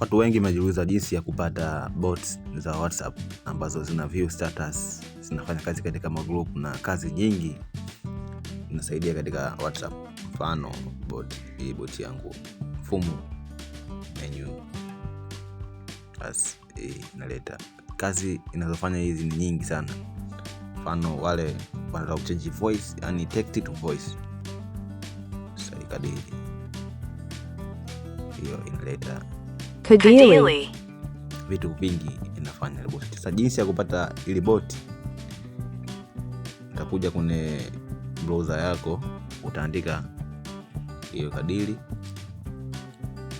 Watu wengi wamejiuliza jinsi ya kupata bots za WhatsApp ambazo zina view status, zinafanya kazi katika magroup na kazi nyingi inasaidia katika WhatsApp. Mfano bot hii, bot yangu mfumo menu, as inaleta kazi inazofanya hizi ni nyingi sana. Mfano wale wanataka kuchange voice, yani text to voice, saikadili hiyo inaleta Vitu vingi inafanya roboti. Sasa jinsi ya kupata ili boti, utakuja kwenye browser yako, utaandika hiyo kadili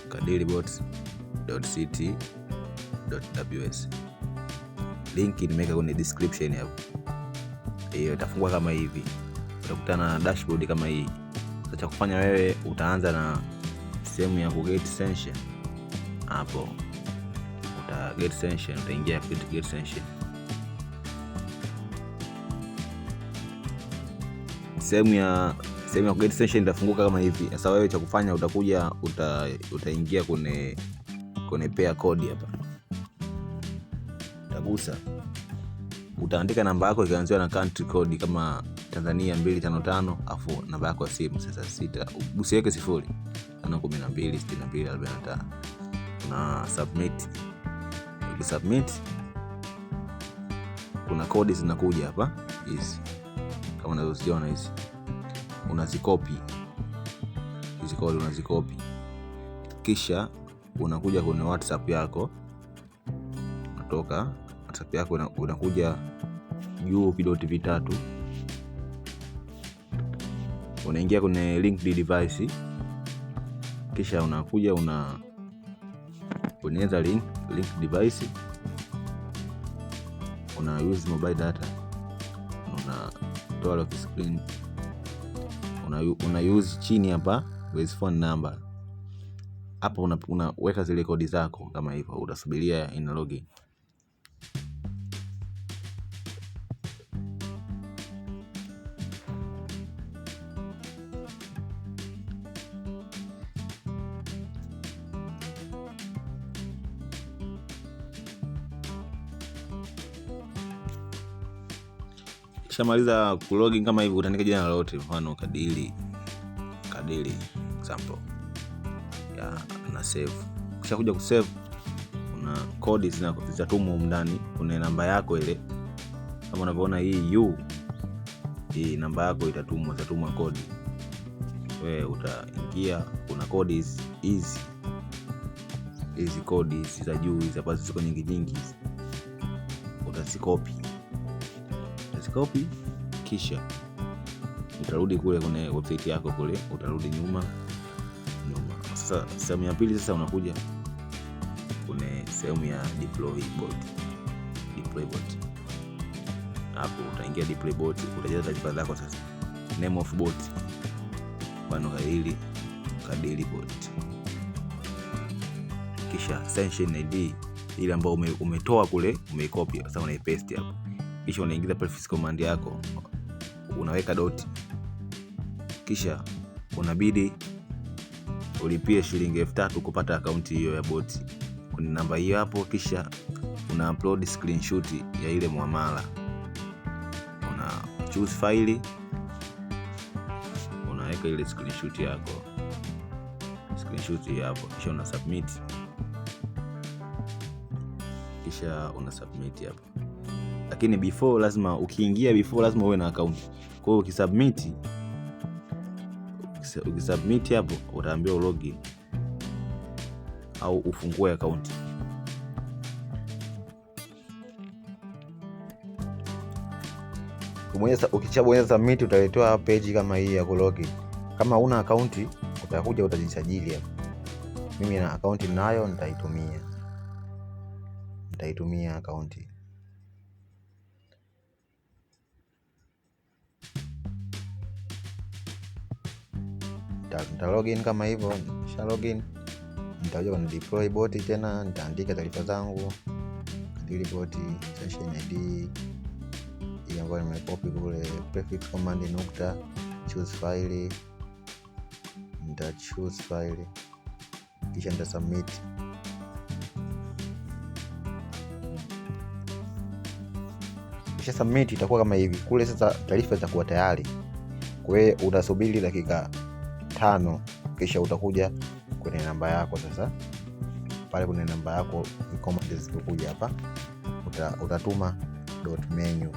kadilibot.ct.ws. Linki nimeweka kwenye description hapo, hiyo itafungua kama hivi, utakutana na dashboard kama hii. Cha kufanya wewe utaanza na sehemu ya kuget sensation hapo uta get sanction, utaingia create get sanction. Sehemu ya sehemu ya get sanction itafunguka kama hivi. Sasa wewe cha kufanya utakuja uta, utaingia kwenye kwenye pair code hapa, utagusa utaandika namba yako ikianziwa na country code kama Tanzania 255 afu namba yako ya simu sasa sita usiweke sifuri tano kumi na mbili sitini na una submit. Ukisubmit kuna kodi zinakuja hapa hizi kama unazoziona hizi, unazikopi hizi kodi, unazikopi kisha unakuja kwenye WhatsApp yako, unatoka WhatsApp yako unakuja juu vidoti vitatu, unaingia kwenye linked device, kisha unakuja una bonyeza link, link device, una use mobile data, toa lock screen, una use chini hapa with phone number hapo unaweka una zile kodi zako kama hivyo, utasubiria ina login. ukishamaliza kulogin kama hivi utaandika jina lolote, mfano kadili kadili example ya na save. Ukishakuja kusave, kuna kodi zitatumwa huko ndani. Kuna namba yako ile, kama unavyoona hii u hii namba yako itatumwa, itatumwa kodi, we utaingia. Kuna kodi hizi hizi kodi hizi za juu hizi ambazo ziko nyingi nyingi, utazikopi soft copy, kisha utarudi kule kwenye website yako kule, utarudi nyuma nyuma. Sasa sehemu ya pili, sasa unakuja kwenye sehemu ya deploy bot, deploy bot. Hapo utaingia deploy bot, utajaza taarifa zako. Sasa name of bot, mfano hili kadili bot, kisha session ID ile ambayo umetoa kule umeikopia sasa unaipaste hapo kisha unaingiza prefix command yako, unaweka doti, kisha unabidi ulipie shilingi elfu tatu kupata akaunti hiyo ya boti kwenye namba hiyo hapo, kisha una upload screenshot ya ile muamala, una choose faili, unaweka ile screenshot yako, screenshot hapo, kisha una submit, kisha una submit hapo lakini before lazima ukiingia, before lazima uwe na akaunti. Kwa hiyo ukisubmit, ukisubmit hapo utaambiwa ulogin au ufungue akaunti. Ukishabonyeza submit utaletewa page kama hii ya kulogi. Kama una akaunti utakuja utajisajili hapo. Mimi na akaunti nayo nitaitumia, nitaitumia akaunti. nita login kama hivyo, nisha login nitakuja kwenye deploy bot tena, nitaandika taarifa zangu katika bot session id hii ambayo nimekopi kule, prefix command nukta choose file, nita choose file kisha nita submit. Kisha submit itakuwa kama hivi kule. Sasa taarifa zitakuwa tayari, kwa hiyo utasubiri dakika tano, kisha utakuja kwenye namba yako sasa. Pale kwenye namba yako command zitakuja hapa, utatuma dot menu,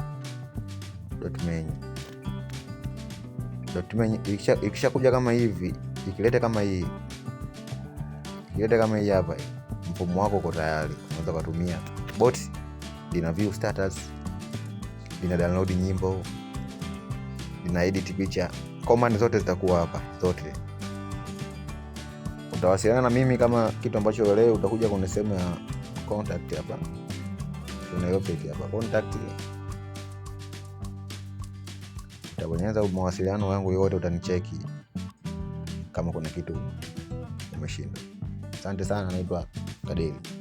dot menu, dot menu. Ikishakuja kama hivi, ikileta kama hii, ikilete kama hii hapa, mfumo wako uko tayari, unaweza kutumia bot. Lina view status, lina download nyimbo, lina edit picha command zote zitakuwa hapa zote. Utawasiliana na mimi kama kitu ambacho leo utakuja kwenye sehemu ya contact hapa, unaopeti hapa contact, utabonyeza mawasiliano yangu yote, utanicheki kama kuna kitu umeshinda. Asante sana, naitwa Kadeli.